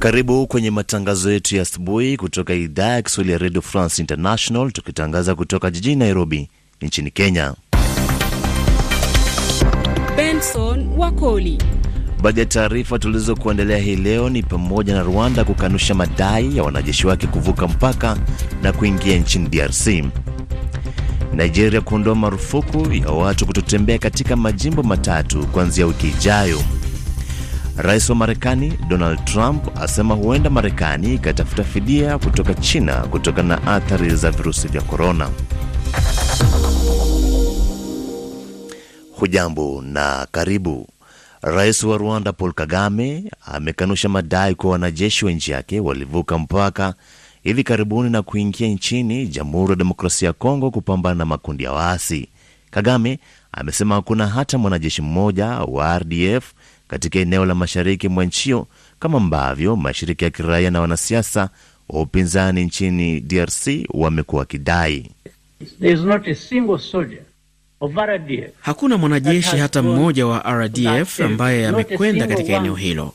Karibu kwenye matangazo yetu ya asubuhi kutoka idhaa ya Kiswahili ya Radio France International, tukitangaza kutoka jijini Nairobi nchini Kenya. Benson Wakoli. Baadhi ya taarifa tulizokuendelea hii leo ni pamoja na Rwanda kukanusha madai ya wanajeshi wake kuvuka mpaka na kuingia nchini DRC, Nigeria kuondoa marufuku ya watu kutotembea katika majimbo matatu kuanzia wiki ijayo Rais wa Marekani Donald Trump asema huenda Marekani ikatafuta fidia kutoka China kutokana na athari za virusi vya korona. Hujambo na karibu. Rais wa Rwanda Paul Kagame amekanusha madai kuwa wanajeshi wa nchi yake walivuka mpaka hivi karibuni na kuingia nchini Jamhuri ya Demokrasia ya Kongo kupambana na makundi ya waasi. Kagame amesema hakuna hata mwanajeshi mmoja wa RDF katika eneo la mashariki mwa nchio kama ambavyo mashirika ya kiraia na wanasiasa wa upinzani nchini DRC wamekuwa wakidai. Hakuna mwanajeshi hata mmoja wa RDF ambaye amekwenda katika eneo hilo.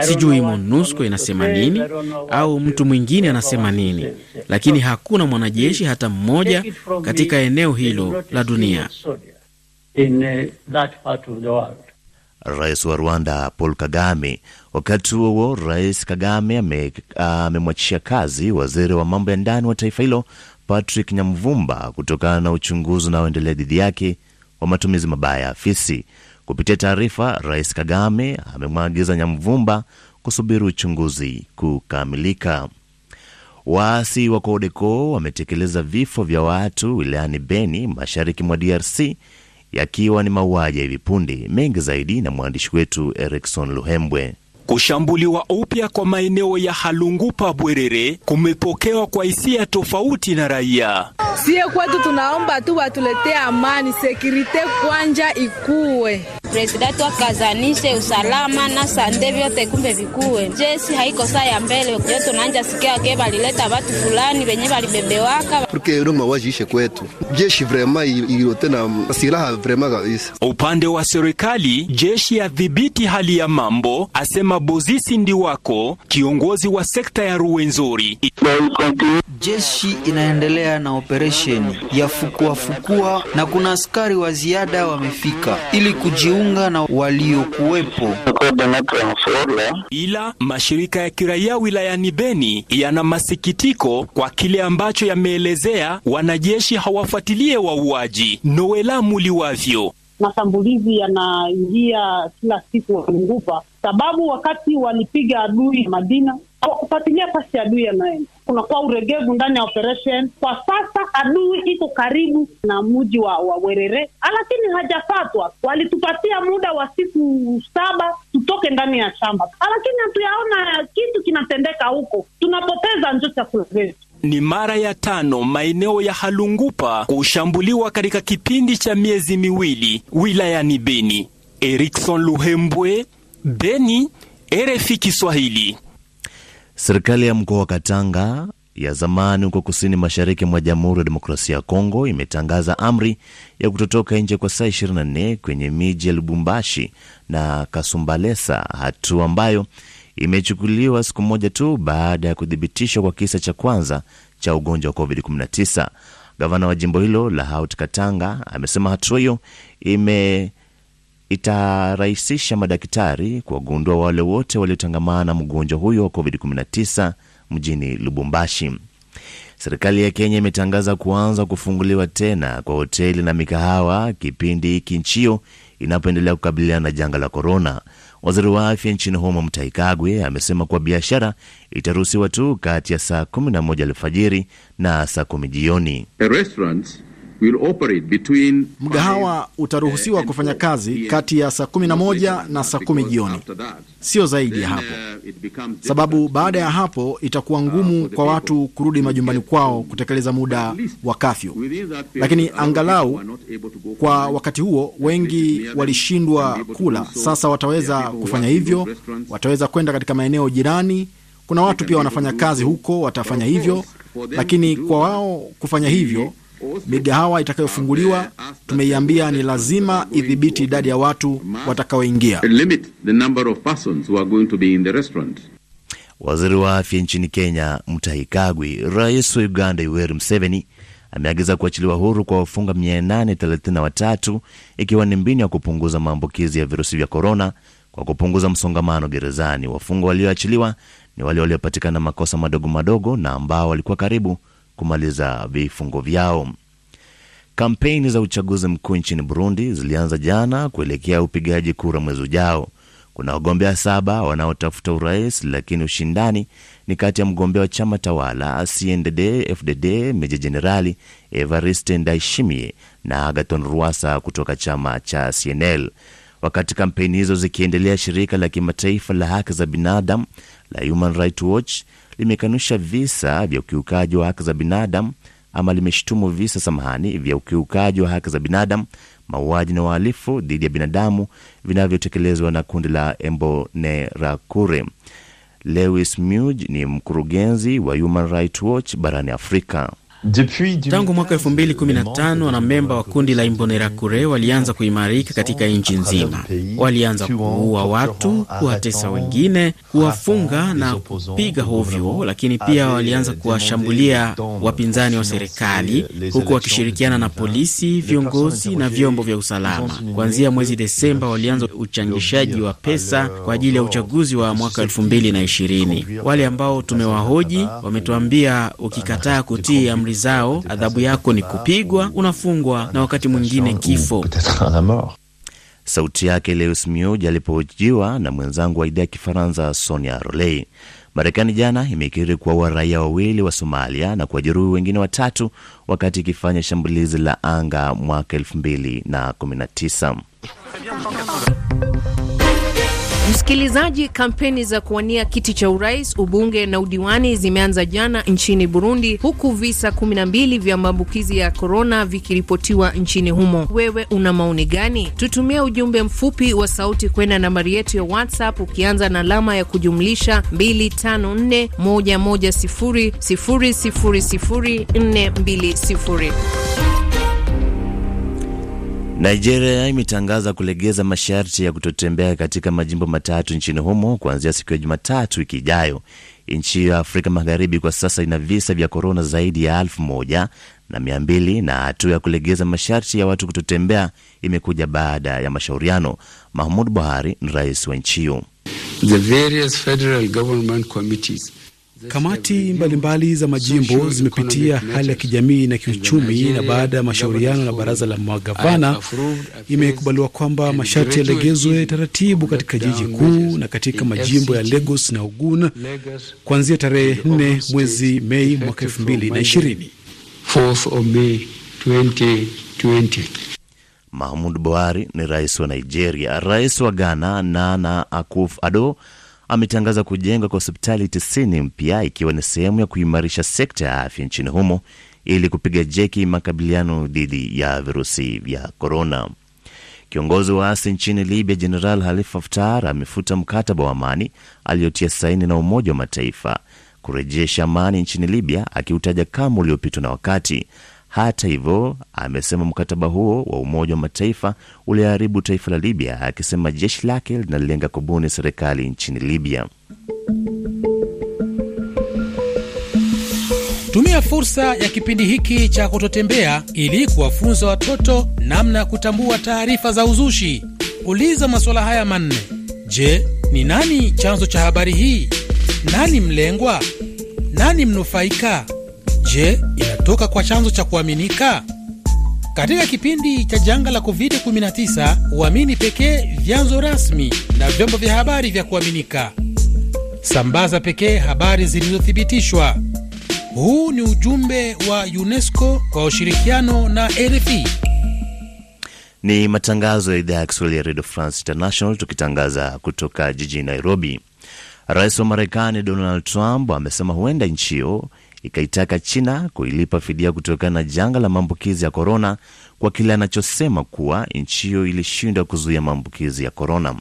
Sijui MONUSCO inasema nini au mtu mwingine anasema nini, lakini hakuna mwanajeshi hata mmoja katika eneo hilo la dunia rais wa Rwanda Paul Kagame. Wakati huo huo, Rais Kagame amemwachisha kazi waziri wa mambo ya ndani wa taifa hilo Patrick Nyamvumba kutokana na uchunguzi unaoendelea dhidi yake wa matumizi mabaya ya afisi. Kupitia taarifa, Rais Kagame amemwagiza Nyamvumba kusubiri uchunguzi kukamilika. Waasi wa Codeco wametekeleza vifo vya watu wilayani Beni, mashariki mwa DRC yakiwa ni mauaji ya hivi punde. Mengi zaidi na mwandishi wetu Erikson Luhembwe. Kushambuliwa upya kwa maeneo ya Halungupa Bwerere kumepokewa kwa hisia tofauti na raia. Sie kwetu tunaomba tu watuletee amani, sekirite kwanja ikuwe Presidenti wakazanishe usalama na sande vyote kumbe vikuwe jesi haiko saa ya mbele yo tunaanja sikia ke balileta vatu fulani venye balibebewaka porque roma wajiishe kwetu jeshi vrema ilote na silaha vrema kabisa. Upande wa serikali jeshi yadhibiti hali ya mambo asema Mabozisi wako kiongozi wa sekta ya Ruwenzori. Jeshi inaendelea na operesheni ya fukuafukua na kuna askari wa ziada wamefika ili kujiunga na waliokuwepo, ila mashirika ya kiraia wilayani Beni yana masikitiko kwa kile ambacho yameelezea wanajeshi hawafuatilie wauaji. Noela Muliwavyo: mashambulizi yanaingia kila siku wa Mungupa sababu wakati walipiga adui ya Madina hawakufuatilia pasi adui anaenda. Kunakuwa uregevu ndani ya operation. Kwa sasa adui iko karibu na mji wa, wa Werere, lakini hajapatwa. Walitupatia muda wa siku saba tutoke ndani ya shamba, lakini hatuyaona kitu kinatendeka huko, tunapoteza njo chakula zetu. Ni mara ya tano maeneo ya Halungupa kushambuliwa katika kipindi cha miezi miwili wilayani Beni. Erikson Luhembwe, Beni, RFI Kiswahili. Serikali ya mkoa wa Katanga ya zamani huko kusini mashariki mwa Jamhuri ya Demokrasia ya Kongo imetangaza amri ya kutotoka nje kwa saa 24 kwenye miji ya Lubumbashi na Kasumbalesa, hatua ambayo imechukuliwa siku moja tu baada ya kuthibitishwa kwa kisa cha kwanza cha ugonjwa wa COVID-19. Gavana wa jimbo hilo la Haut Katanga amesema hatua hiyo ime itarahisisha madaktari kuwagundua wale wote waliotangamana na mgonjwa huyo wa covid-19 mjini Lubumbashi. Serikali ya Kenya imetangaza kuanza kufunguliwa tena kwa hoteli na mikahawa kipindi hiki nchio inapoendelea kukabiliana na janga la korona. Waziri wa afya nchini humo mtaikagwe amesema kuwa biashara itaruhusiwa tu kati ya saa 11 alfajiri na saa 10 jioni. Mgahawa eh, utaruhusiwa kufanya kazi kati ya saa kumi na saa kumi jioni, sio zaidi ya hapo, uh, sababu baada ya hapo itakuwa uh, ngumu kwa watu kurudi majumbani kwao kutekeleza muda wa kafyu. Lakini angalau kwa wakati huo, wengi walishindwa kula, sasa wataweza kufanya hivyo, wataweza kwenda katika maeneo jirani. Kuna watu pia wanafanya kazi huko, watafanya hivyo, lakini kwa wao kufanya hivyo Migahawa itakayofunguliwa tumeiambia ni lazima idhibiti idadi ya watu watakaoingia. Waziri wa afya nchini Kenya Mutahi Rais wa Uganda Yoweri Museveni ameagiza kuachiliwa huru kwa wafunga 833 ikiwa ni mbinu ya kupunguza maambukizi ya virusi vya korona kwa kupunguza msongamano gerezani. Wafungwa walioachiliwa ni wale waliopatikana makosa madogo madogo na ambao walikuwa karibu kumaliza vifungo vyao. Kampeni za uchaguzi mkuu nchini Burundi zilianza jana kuelekea upigaji kura mwezi ujao. Kuna wagombea saba wanaotafuta urais, lakini ushindani ni kati ya mgombea wa chama tawala CNDD FDD meja jenerali Evariste Ndayishimiye na Agathon Rwasa kutoka chama cha CNL. Wakati kampeni hizo zikiendelea, shirika la kimataifa la haki za binadamu la Human Rights Watch limekanusha visa vya ukiukaji wa haki za binadamu ama limeshutumu visa samahani vya ukiukaji wa haki za binadamu, mauaji na uhalifu dhidi ya binadamu vinavyotekelezwa na kundi la Embonerakure. Lewis Mudge ni mkurugenzi wa Human Rights Watch barani Afrika. Tangu mwaka 215 wanamemba wa kundi la Imbonerakure walianza kuimarika katika nchi nzima. Walianza kuua watu, kuwatesa wengine, kuwafunga na kupiga hovyo, lakini pia walianza kuwashambulia wapinzani wa serikali, huku wakishirikiana na polisi, viongozi na vyombo vya usalama. Kuanzia mwezi Desemba walianza uchangishaji wa pesa kwa ajili ya uchaguzi wa mwaka 2020. Wale ambao tumewahoji wametuambia ukikataa kutii amri zao, adhabu yako ni kupigwa, unafungwa na wakati mwingine kifo. Sauti yake Leus Miuj alipohojiwa na mwenzangu wa idhaa ya Kifaransa Sonia Rolei. Marekani jana imekiri kuwaua raia wawili wa Somalia na kuwajeruhi wengine watatu wakati ikifanya shambulizi la anga mwaka 2019. Msikilizaji, kampeni za kuwania kiti cha urais, ubunge na udiwani zimeanza jana nchini Burundi, huku visa 12 vya maambukizi ya korona vikiripotiwa nchini humo. Wewe una maoni gani? Tutumie ujumbe mfupi wa sauti kwenda nambari yetu ya WhatsApp ukianza na alama ya kujumlisha 254110000420. Nigeria imetangaza kulegeza masharti ya kutotembea katika majimbo matatu nchini humo kuanzia siku ya Jumatatu wiki ijayo. Nchi ya Afrika Magharibi kwa sasa ina visa vya korona zaidi ya elfu moja na mia mbili na hatua ya kulegeza masharti ya watu kutotembea imekuja baada ya mashauriano. Mahmud Buhari ni rais wa nchi hiyo. Kamati mbalimbali mbali za majimbo zimepitia hali ya kijamii na kiuchumi, na baada ya mashauriano na baraza la magavana, imekubaliwa kwamba masharti yalegezwe taratibu katika jiji kuu na katika majimbo ya Lagos na Ogun kuanzia tarehe 4 mwezi Mei mwaka ishirini. Mahmud Buhari ni rais wa Nigeria. Rais wa Ghana Nana Akuf-Addo ametangaza kujenga kwa hospitali tisini mpya ikiwa ni sehemu ya kuimarisha sekta ya afya nchini humo ili kupiga jeki makabiliano dhidi ya virusi vya korona. Kiongozi wa asi nchini Libya Jeneral halif Haftar amefuta mkataba wa amani aliyotia saini na Umoja wa Mataifa kurejesha amani nchini Libya, akiutaja kama uliopitwa na wakati, hata hivyo, amesema mkataba huo wa Umoja wa Mataifa uliharibu taifa la Libya, akisema jeshi lake linalenga kubuni serikali nchini Libya. Tumia fursa ya kipindi hiki cha kutotembea ili kuwafunza watoto namna ya kutambua taarifa za uzushi. Uliza masuala haya manne: Je, ni nani chanzo cha habari hii? Nani mlengwa? Nani mnufaika? Je, inatoka kwa chanzo cha kuaminika? Katika kipindi cha janga la COVID-19 uamini pekee vyanzo rasmi na vyombo vya habari vya kuaminika. Sambaza pekee habari zilizothibitishwa. Huu ni ujumbe wa UNESCO kwa ushirikiano na RFI. Ni matangazo ya idhaa ya Kiswahili ya Radio France International tukitangaza kutoka jijini Nairobi. Rais wa Marekani Donald Trump amesema huenda nchi hiyo ikaitaka China kuilipa fidia kutokana na janga la maambukizi ya korona kwa kile anachosema kuwa nchi hiyo ilishindwa kuzuia maambukizi ya korona.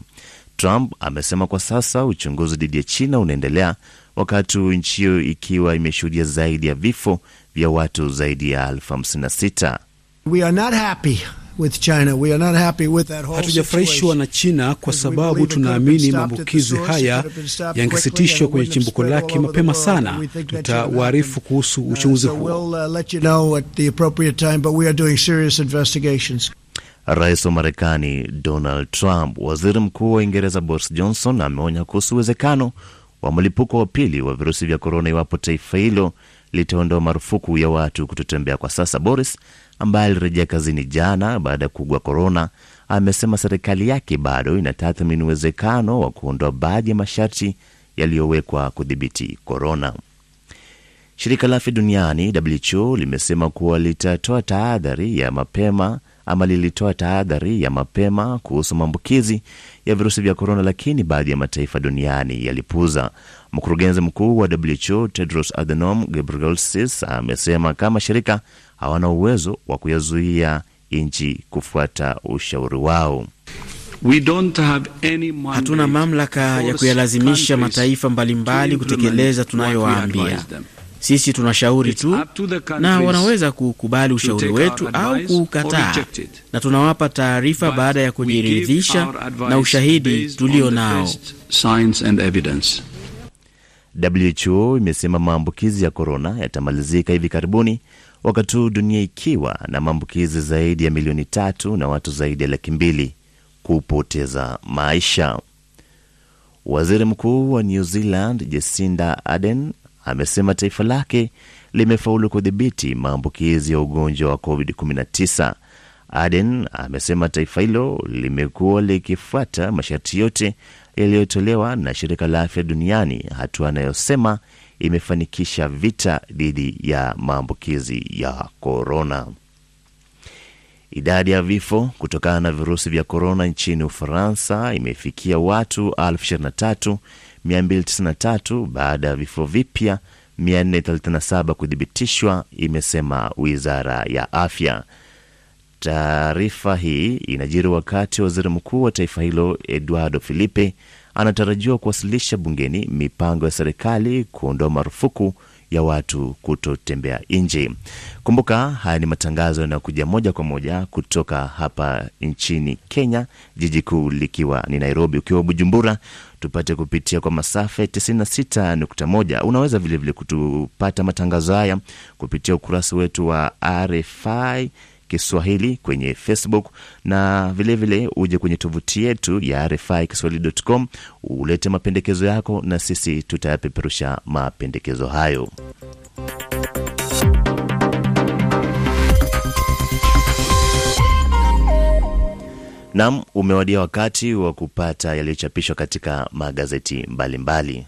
Trump amesema kwa sasa uchunguzi dhidi ya China unaendelea wakati nchi hiyo ikiwa imeshuhudia zaidi ya vifo vya watu zaidi ya elfu 56. We are not happy hatujafurahishwa na China kwa sababu tunaamini maambukizi haya yangesitishwa kwenye chimbuko lake mapema sana. Tutawaarifu kuhusu uh, uchunguzi huo. Uh, Rais wa Marekani Donald Trump, waziri mkuu wa Uingereza Boris Johnson ameonya kuhusu uwezekano wa mlipuko wa pili wa virusi vya korona iwapo taifa hilo litaondoa marufuku ya watu kutotembea kwa sasa. Boris ambaye alirejea kazini jana baada ya kuugua korona, amesema serikali yake bado inatathmini uwezekano wa kuondoa baadhi ya masharti yaliyowekwa kudhibiti korona. Shirika la afya duniani WHO limesema kuwa litatoa tahadhari ya mapema ama lilitoa tahadhari ya mapema kuhusu maambukizi ya virusi vya korona, lakini baadhi ya mataifa duniani yalipuza. Mkurugenzi mkuu wa WHO Tedros Adhanom Ghebreyesus amesema kama shirika hawana uwezo wa kuyazuia nchi kufuata ushauri wao. We don't have any hatuna mamlaka ya kuyalazimisha mataifa mbalimbali kutekeleza tunayowaambia. Sisi tunashauri tu na wanaweza kukubali ushauri wetu au kuukataa, na tunawapa taarifa baada ya kujiridhisha na ushahidi tulio nao. WHO imesema maambukizi ya korona yatamalizika hivi karibuni wakati huu dunia ikiwa na maambukizi zaidi ya milioni tatu na watu zaidi ya laki mbili kupoteza maisha. Waziri Mkuu wa New Zealand Jacinda Ardern amesema taifa lake limefaulu kudhibiti maambukizi ya ugonjwa wa COVID-19. Aden amesema taifa hilo limekuwa likifuata masharti yote yaliyotolewa na shirika la afya duniani, hatua anayosema imefanikisha vita dhidi ya maambukizi ya korona. Idadi ya vifo kutokana na virusi vya korona nchini Ufaransa imefikia watu 23293 baada ya vifo vipya 437 kuthibitishwa, imesema wizara ya afya. Taarifa hii inajiri wakati waziri mkuu wa taifa hilo Eduardo Filipe anatarajiwa kuwasilisha bungeni mipango ya serikali kuondoa marufuku ya watu kutotembea nje. Kumbuka, haya ni matangazo yanayokuja moja kwa moja kutoka hapa nchini Kenya, jiji kuu likiwa ni Nairobi. Ukiwa Bujumbura, tupate kupitia kwa masafa 96.1. Unaweza vilevile vile kutupata matangazo haya kupitia ukurasa wetu wa RFI Kiswahili kwenye Facebook na vilevile vile uje kwenye tovuti yetu ya RFI Kiswahili.com, ulete mapendekezo yako na sisi tutayapeperusha mapendekezo hayo. Nam, umewadia wakati wa kupata yaliyochapishwa katika magazeti mbalimbali mbali.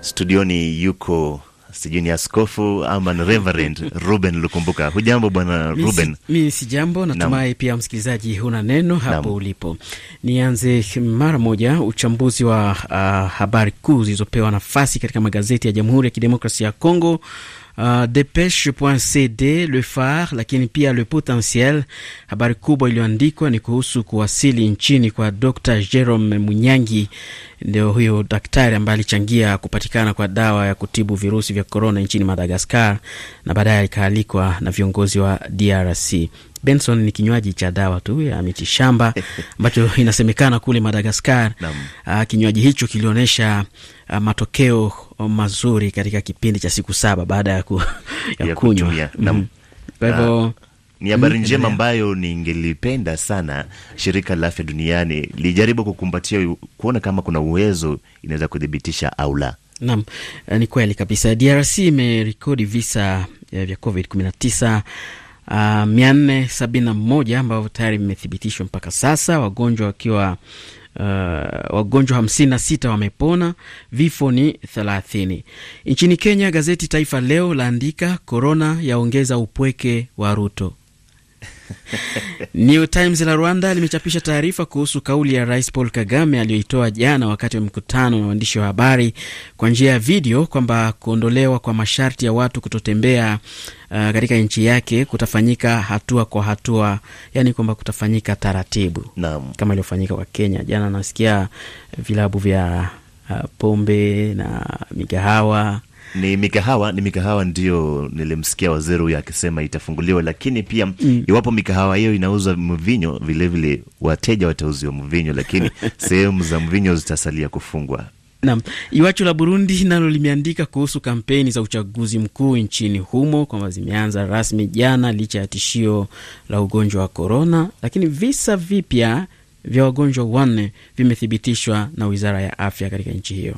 Studioni yuko sijui ni askofu ama ni Reverend Ruben Lukumbuka. Hujambo bwana Ruben? Mi si jambo, natumai Pia msikilizaji huna neno hapo ulipo. Nianze mara moja uchambuzi wa uh, habari kuu zilizopewa nafasi katika magazeti ya Jamhuri ya Kidemokrasia ya Kongo Euh, Depeche.cd le phare, lakini pia Le Potentiel. Habari kubwa iliyoandikwa ni kuhusu kuwasili nchini kwa Dr. Jerome Munyangi, ndio huyo daktari ambaye alichangia kupatikana kwa dawa ya kutibu virusi vya korona nchini madagascar na baadaye alikaalikwa na viongozi wa DRC. Benson ni kinywaji cha dawa tu ya miti shamba ambacho inasemekana kule Madagaskar. Uh, ah, kinywaji hicho kilionyesha uh, ah, matokeo mazuri katika kipindi cha siku saba baada ya, ku, ya, ya kunywa. Mm-hmm. Kwa hivyo ah, ni habari mm-hmm. njema ambayo ningelipenda sana shirika la afya duniani lijaribu kukumbatia, kuona kama kuna uwezo inaweza kuthibitisha au la. Naam, eh, ni kweli kabisa. DRC imerekodi visa eh, vya COVID 19 uh, 471 ambavyo tayari vimethibitishwa mpaka sasa, wagonjwa wakiwa Uh, wagonjwa hamsini na sita wamepona, vifo ni thelathini. Nchini Kenya, gazeti Taifa Leo laandika korona yaongeza upweke wa Ruto. New Times la Rwanda limechapisha taarifa kuhusu kauli ya Rais Paul Kagame aliyoitoa jana wakati wa mkutano na waandishi wa habari kwa njia ya video kwamba kuondolewa kwa masharti ya watu kutotembea uh, katika nchi yake kutafanyika hatua kwa hatua, yani kwamba kutafanyika taratibu Naam. kama iliyofanyika kwa Kenya jana. Nasikia vilabu vya uh, pombe na migahawa ni mikahawa ni mikahawa ndio nilimsikia waziri huyo akisema itafunguliwa, lakini pia mm. iwapo mikahawa hiyo inauza mvinyo vilevile, wateja watauziwa mvinyo, lakini sehemu za mvinyo zitasalia kufungwa. Nam iwacho la Burundi nalo limeandika kuhusu kampeni za uchaguzi mkuu nchini humo kwamba zimeanza rasmi jana licha ya tishio la ugonjwa wa korona, lakini visa vipya vya wagonjwa wanne vimethibitishwa na wizara ya afya katika nchi hiyo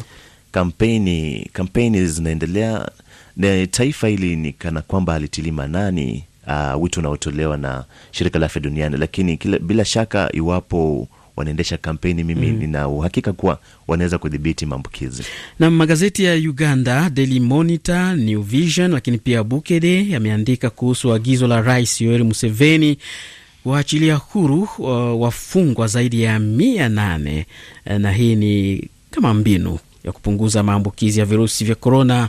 kampeni kampeni zinaendelea na taifa hili ni kana kwamba alitilima nani uh, wito unaotolewa na shirika la afya duniani, lakini kila, bila shaka iwapo wanaendesha kampeni mimi mm. nina uhakika kuwa wanaweza kudhibiti maambukizi. Na magazeti ya Uganda Daily Monitor, New Vision, lakini pia Bukede yameandika kuhusu agizo la Rais yoeri Museveni waachilia huru uh, wafungwa zaidi ya mia nane na hii ni kama mbinu ya kupunguza maambukizi ya virusi vya korona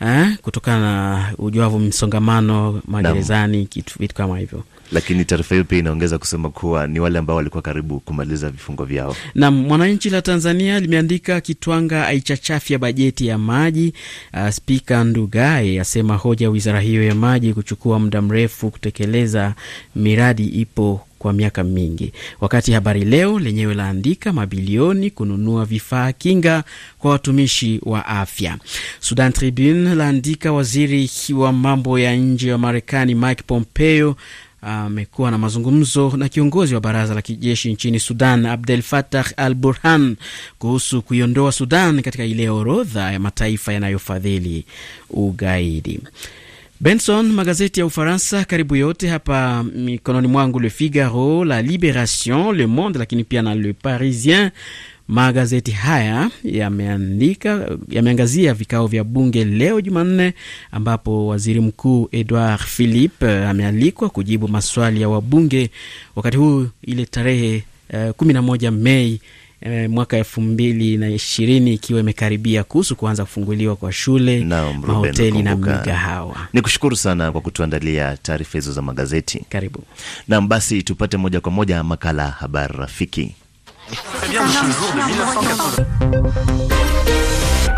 eh, kutokana na ujuavu msongamano magerezani, kitu vitu kama hivyo lakini taarifa hiyo pia inaongeza kusema kuwa ni wale ambao walikuwa karibu kumaliza vifungo vyao. nam Mwananchi la Tanzania limeandika Kitwanga aichachafya bajeti ya maji. Uh, Spika Ndugai asema hoja wizara hiyo ya maji kuchukua muda mrefu kutekeleza miradi ipo kwa miaka mingi, wakati Habari Leo lenyewe laandika mabilioni kununua vifaa kinga kwa watumishi wa afya. Sudan Tribune laandika waziri wa mambo ya nje wa Marekani Mike Pompeo amekuwa na mazungumzo na kiongozi wa baraza la kijeshi nchini Sudan Abdel Fattah al Burhan kuhusu kuiondoa Sudan katika ile orodha ya mataifa yanayofadhili ugaidi. Benson, magazeti ya Ufaransa karibu yote hapa mikononi mwangu, Le Figaro, La Liberation, Le Monde, lakini pia na Le Parisien. Magazeti haya yameandika yameangazia vikao vya bunge leo Jumanne, ambapo waziri mkuu Edouard Philippe eh, amealikwa kujibu maswali ya wabunge, wakati huu ile tarehe uh, eh, 11 Mei e, mwaka elfu mbili na ishirini ikiwa imekaribia kuhusu kuanza kufunguliwa kwa shule na mahoteli na migahawa. Ni kushukuru sana kwa kutuandalia taarifa hizo za magazeti. Karibu nam, basi tupate moja kwa moja makala ya habari rafiki.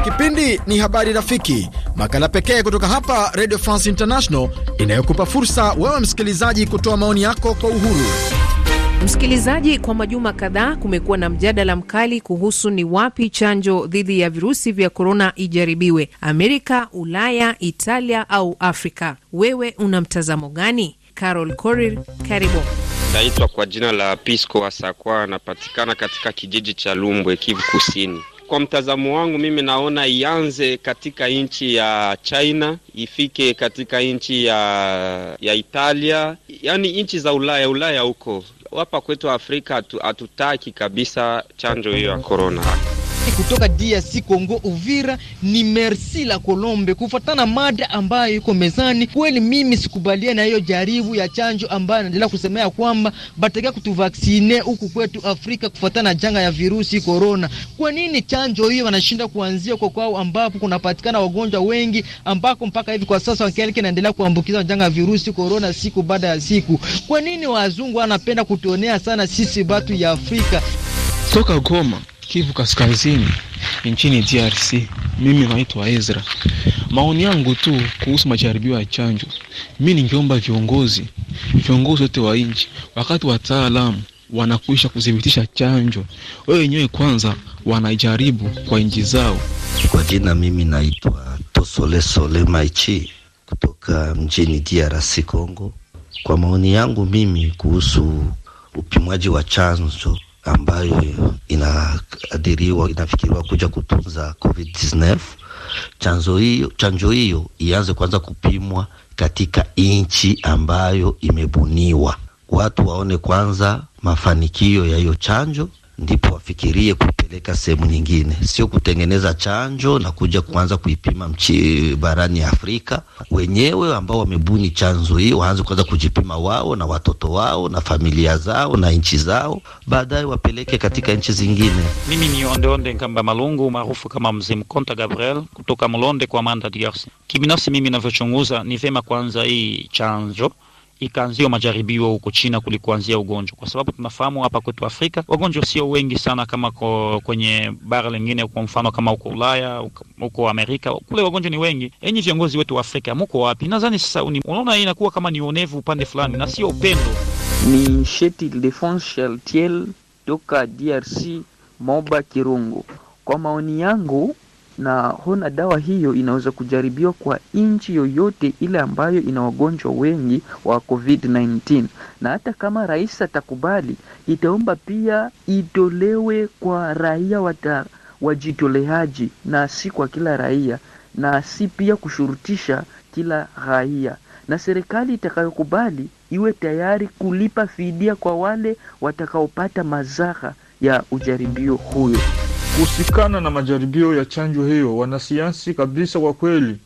Kipindi ni habari rafiki, makala pekee kutoka hapa Radio France International inayokupa fursa wewe msikilizaji kutoa maoni yako kwa uhuru. Msikilizaji, kwa majuma kadhaa kumekuwa na mjadala mkali kuhusu ni wapi chanjo dhidi ya virusi vya korona ijaribiwe: Amerika, Ulaya, Italia au Afrika? Wewe una mtazamo gani? Carol Korir, karibu. Naitwa kwa jina la Pisco Asakwa, anapatikana katika kijiji cha Lumbwe, Kivu Kusini. Kwa mtazamo wangu mimi naona ianze katika nchi ya China, ifike katika nchi ya ya Italia, yaani nchi za Ulaya Ulaya huko hapa kwetu Afrika hatutaki kabisa chanjo hiyo ya korona kutoka DRC Congo Uvira ni Merci la Colombe. Kufuatana mada ambayo iko mezani, kweli mimi sikubalia na hiyo jaribu ya chanjo ambayo anaendelea kusemea kwamba bataka kutuvaksine huku kwetu Afrika kufuatana na janga ya virusi korona. Kwa nini chanjo hiyo wanashinda kuanzia kwa kwao ambapo kunapatikana wagonjwa wengi ambako mpaka hivi kwa sasa wakialike naendelea kuambukizwa janga ya virusi korona siku baada ya siku? Kwa nini wazungu wanapenda kutuonea sana sisi batu ya Afrika? Soka Goma Kivu Kaskazini nchini DRC. Mimi naitwa Ezra. Maoni yangu tu kuhusu majaribio ya chanjo, mi ningeomba viongozi viongozi wote wa nchi, wakati wataalamu wanakwisha kuthibitisha chanjo, wao wenyewe kwanza wanajaribu kwa nchi zao. Kwa jina mimi naitwa Tosole Sole Maichi kutoka mjini DRC Congo. Kwa maoni yangu mimi kuhusu upimwaji wa chanjo ambayo inakadiriwa inafikiriwa kuja kutunza COVID-19. Chanzo hiyo chanjo hiyo ianze kwanza kupimwa katika nchi ambayo imebuniwa, watu waone kwanza mafanikio ya hiyo chanjo ndipo wafikirie kupeleka sehemu nyingine, sio kutengeneza chanjo na kuja kuanza kuipima mchi barani Afrika. Wenyewe ambao wamebuni chanzo hii waanze kwanza kujipima wao na watoto wao na familia zao na nchi zao, baadaye wapeleke katika nchi zingine. Mimi ni Ondeonde Nkamba Malungu maarufu kama Mzee Mkonta Gabriel kutoka Mlonde kwa Manda DRC. Kibinafsi mimi navyochunguza ni vema kwanza hii chanjo ikaanziwa majaribio huko China kulikuanzia ugonjwa, kwa sababu tunafahamu hapa kwetu Afrika wagonjwa sio wengi sana kama ko, kwenye bara lingine, kwa mfano kama huko Ulaya, huko Amerika, kule wagonjwa ni wengi. Enyi viongozi wetu wa Afrika, mko wapi? Nadhani sasa unaona inakuwa kama ni onevu upande fulani na sio upendo. Ni Sheti Defense Shaltiel toka DRC, Moba Kirungu. Kwa maoni yangu na hona dawa hiyo inaweza kujaribiwa kwa nchi yoyote ile ambayo ina wagonjwa wengi wa COVID-19, na hata kama rais atakubali, itaomba pia itolewe kwa raia wata, wajitoleaji na si kwa kila raia na si pia kushurutisha kila raia, na serikali itakayokubali iwe tayari kulipa fidia kwa wale watakaopata mazaha ya ujaribio huyo kuhusikana na majaribio ya chanjo hiyo. Wanasayansi kabisa kwa kweli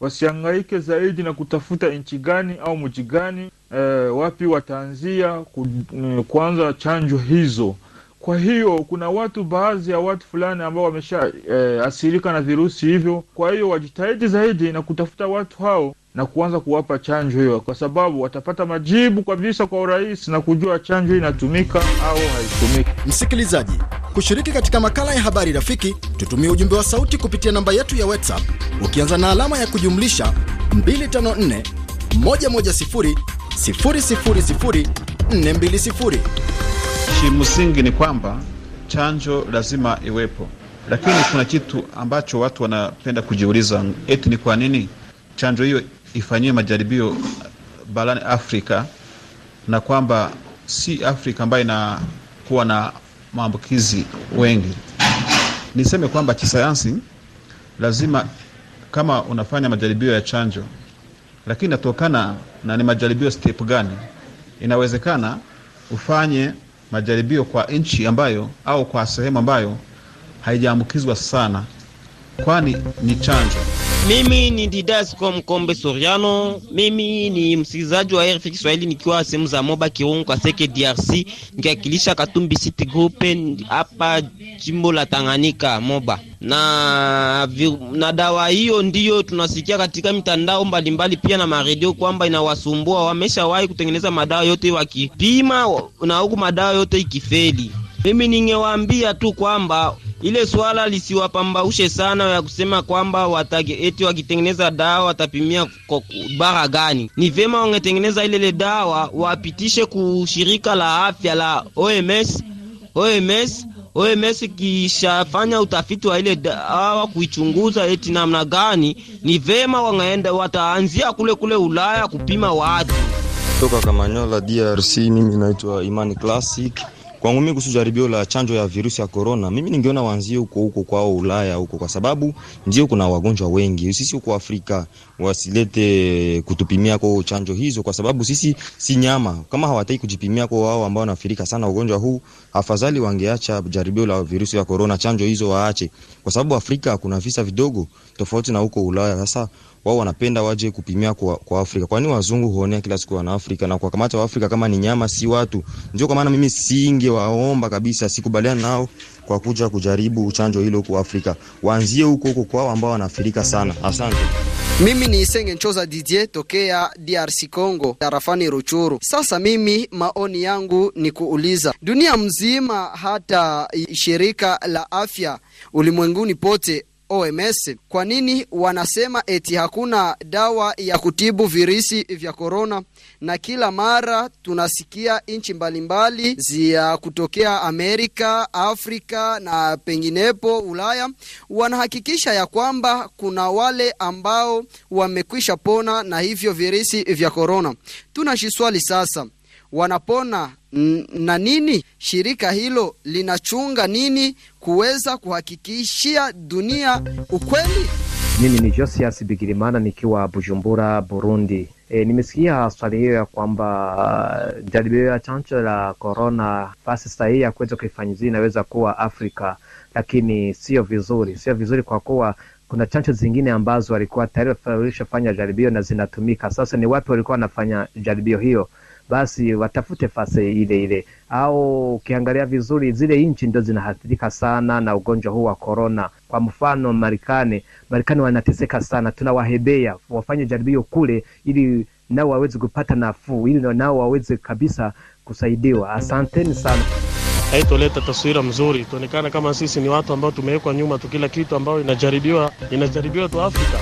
wasiangaike zaidi na kutafuta nchi gani au mji gani, e, wapi wataanzia eh, kuanza chanjo hizo. Kwa hiyo kuna watu baadhi ya watu fulani ambao wamesha e, eh, asirika na virusi hivyo, kwa hiyo wajitahidi zaidi na kutafuta watu hao na kuanza kuwapa chanjo hiyo, kwa sababu watapata majibu kwa visa kwa urahisi na kujua chanjo inatumika au haitumiki. Msikilizaji, kushiriki katika makala ya habari rafiki, tutumie ujumbe wa sauti kupitia namba yetu ya WhatsApp ukianza na alama ya kujumlisha 254 110 000 420. Kimsingi ni kwamba chanjo lazima iwepo, lakini kuna kitu ambacho watu wanapenda kujiuliza, eti ni kwa nini chanjo hiyo ifanyiwe majaribio barani Afrika na kwamba si Afrika ambayo inakuwa na maambukizi wengi. Niseme kwamba kisayansi, lazima kama unafanya majaribio ya chanjo, lakini inatokana na ni majaribio step gani. Inawezekana ufanye majaribio kwa nchi ambayo au kwa sehemu ambayo haijaambukizwa sana, kwani ni chanjo. Mimi ni kwa Mkombe Soriano. Mimi ni msikilizaji wa RFI Kiswahili nikiwa sehemu za Moba Kirungu Seke DRC, nikiwakilisha Katumbi City Group hapa jimbo la Tanganyika Moba. Na, na dawa hiyo ndiyo tunasikia katika mitandao mbalimbali pia na maredio kwamba inawasumbua. Wameshawahi kutengeneza madawa yote wakipima na huku madawa yote ikifeli. Mimi ningewaambia tu kwamba ile swala lisiwapambaushe sana ya kusema kwamba watage eti wakitengeneza dawa watapimia bara gani. Ni vema wangetengeneza ile dawa wapitishe kushirika la afya la OMS. OMS OMS kishafanya utafiti wa ile dawa kuichunguza eti namna gani. Ni vema wangaenda wataanzia kule kule Ulaya kupima watu. Toka Kamanyola DRC, mimi naitwa Imani Classic. Kwangu mimi kuhusu jaribio la chanjo ya virusi ya corona, mimi ningeona wanzie huko huko kwao Ulaya huko, kwa sababu ndio kuna wagonjwa wengi. Sisi huko Afrika wasilete kutupimia kwa chanjo hizo, kwa sababu sisi si nyama. Kama hawataki kujipimia kwa wao ambao wanafirika sana ugonjwa huu, afadhali wangeacha jaribio la virusi ya corona, chanjo hizo waache, kwa sababu Afrika kuna visa vidogo tofauti na huko Ulaya. Sasa wao wanapenda waje kupimia kwa, kwa Afrika, kwani wazungu huonea kila siku wana Afrika na wa Afrika kama ni nyama, si watu. Ndio kwa maana mimi singewaomba kabisa, sikubaliana nao kwa kuja kujaribu chanjo hilo huko Afrika, waanzie huko huko kwao ambao wanafirika sana. Asante. Mimi ni Senge Nchoza Didier tokea DRC Congo, tarafani Ruchuru. Sasa mimi maoni yangu ni kuuliza dunia mzima, hata shirika la afya ulimwenguni pote OMS. Kwa nini wanasema eti hakuna dawa ya kutibu virusi vya korona, na kila mara tunasikia nchi mbalimbali zia kutokea Amerika, Afrika na penginepo Ulaya wanahakikisha ya kwamba kuna wale ambao wamekwisha pona na hivyo virusi vya korona. Tunajiswali sasa wanapona na nini? Shirika hilo linachunga nini kuweza kuhakikishia dunia ukweli? Mimi ni Josias Bigirimana nikiwa Bujumbura, Burundi. E, nimesikia swali hiyo ya kwamba uh, jaribio ya chanjo la korona basi sahihi ya kuweza kuifanyizia inaweza kuwa Afrika, lakini sio vizuri, sio vizuri kwa kuwa kuna chanjo zingine ambazo walikuwa tayari walishafanya jaribio na zinatumika. Sasa ni wapi walikuwa wanafanya jaribio hiyo? basi watafute fase ile ile. Au ukiangalia vizuri, zile nchi ndio zinaathirika sana na ugonjwa huu wa korona. Kwa mfano Marekani, Marekani wanateseka sana, tunawahebea wafanye jaribio kule ili nao waweze kupata nafuu, ili nao waweze kabisa kusaidiwa. Asanteni sana. Haitoleta taswira mzuri, tuonekana kama sisi ni watu ambao tumewekwa nyuma tu, kila kitu ambayo inajaribiwa inajaribiwa tu Afrika.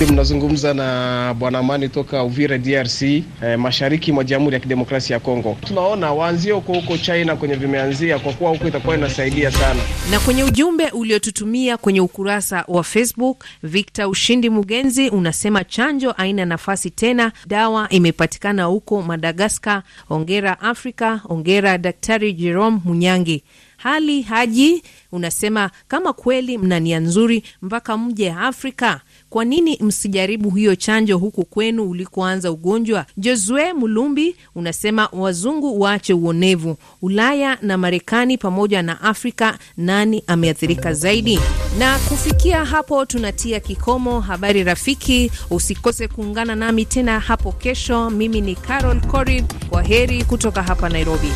Mnazungumza na Bwana Amani toka Uvira, DRC, eh, mashariki mwa Jamhuri ya Kidemokrasia ya Kongo. Tunaona waanzie huko huko China kwenye vimeanzia, kwa kuwa huko itakuwa inasaidia sana. Na kwenye ujumbe uliotutumia kwenye ukurasa wa Facebook, Victor Ushindi Mugenzi unasema chanjo haina nafasi tena, dawa imepatikana huko Madagaskar. Ongera Afrika, ongera Daktari Jerome Munyangi hali Haji unasema kama kweli mna nia nzuri mpaka mje Afrika, kwa nini msijaribu hiyo chanjo huku kwenu ulikoanza ugonjwa? Josue Mulumbi unasema wazungu waache uonevu. Ulaya na Marekani pamoja na Afrika, nani ameathirika zaidi? Na kufikia hapo tunatia kikomo habari rafiki. Usikose kuungana nami tena hapo kesho. Mimi ni Carol Korir, kwa heri kutoka hapa Nairobi.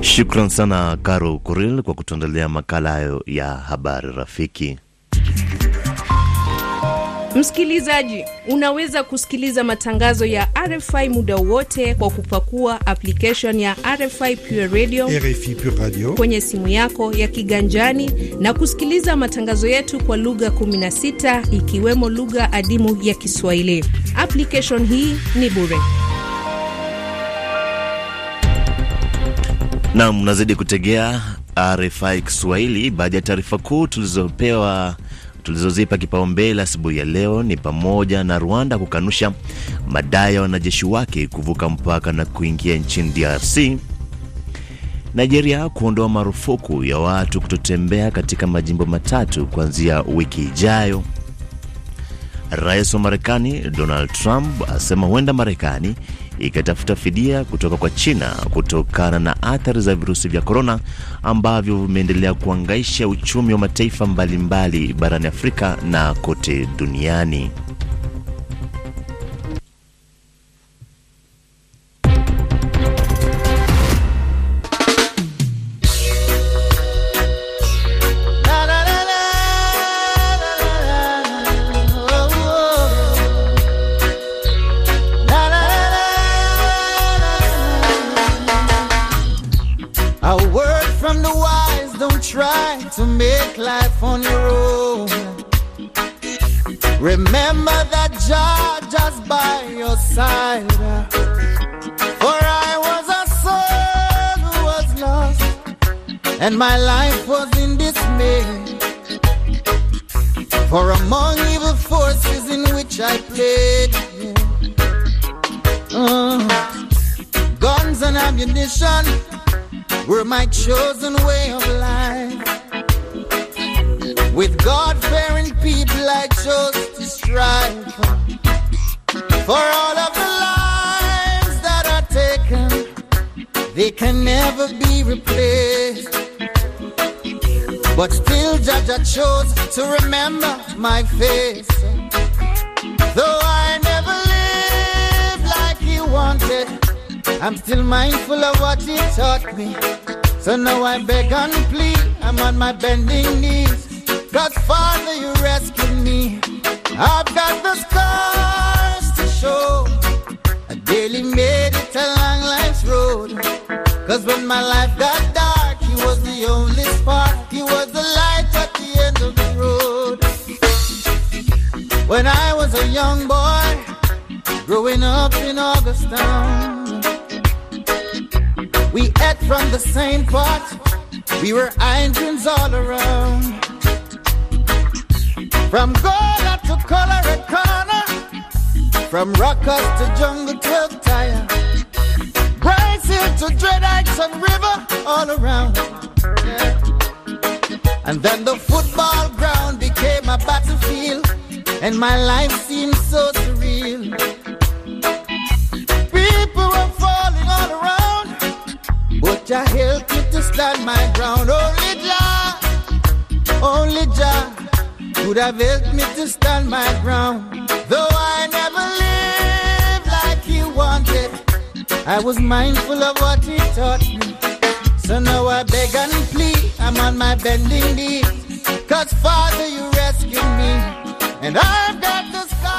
Shukran sana Caro Kuril kwa kutuandalia makala hayo ya habari rafiki. Msikilizaji, unaweza kusikiliza matangazo ya RFI muda wote kwa kupakua application ya RFI Pure Radio, RFI Pure Radio kwenye simu yako ya kiganjani na kusikiliza matangazo yetu kwa lugha 16 ikiwemo lugha adimu ya Kiswahili. Application hii ni bure. Na mnazidi kutegea RFI Kiswahili. Baadhi ya taarifa kuu tulizopewa tulizozipa kipaumbele asubuhi ya leo ni pamoja na Rwanda kukanusha madai ya wanajeshi wake kuvuka mpaka na kuingia nchini DRC, Nigeria kuondoa marufuku ya watu kutotembea katika majimbo matatu kuanzia wiki ijayo, Rais wa Marekani Donald Trump asema huenda Marekani ikatafuta fidia kutoka kwa China kutokana na athari za virusi vya korona ambavyo vimeendelea kuangaisha uchumi wa mataifa mbalimbali mbali barani Afrika na kote duniani. to make life on your own. Remember that Jah just by your side. For I was a soul who was lost, and my life was in dismay. For among evil forces in which I played, yeah. uh, guns and ammunition were my chosen way of life. With God-fearing people, I chose to strive for all of the lives that are taken. They can never be replaced. But still, Judge, I chose to remember my face. Though I never lived like he wanted, I'm still mindful of what he taught me. So now I beg and plead, I'm on my bending knee. Godfather, you rescued me. I've got the scars to show. I daily made it along life's road. Cause when my life got dark, he was the only spark. He was the light at the end of the road. When I was a young boy, growing up in Augustown, we ate from the same pot. We were irons all around. From corner to color and corner, from rockers to jungle to tire. Brazil to Dread and River, all around. Yeah. And then the football ground became a battlefield, and my life seemed so surreal. People were falling all around, but Jah helped me to stand my ground. Only Jah, only Jah. could have helped me to stand my ground. Though I never lived like he wanted, I was mindful of what he taught me. So now I beg and plead, I'm on my bending knee. Cause Father, you rescued me, and I've got the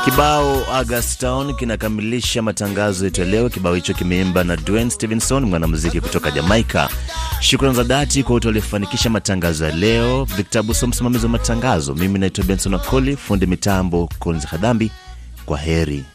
Kibao August Town kinakamilisha matangazo yetu ya leo. Kibao hicho kimeimba na Dwayne Stevenson, mwanamuziki kutoka Jamaica. Shukrani za dhati kwa wote waliofanikisha matangazo ya leo. Victor Buso, msimamizi wa matangazo. Mimi naitwa Benson Wakoli, fundi mitambo Kolinzi Hadhambi. Kwa heri.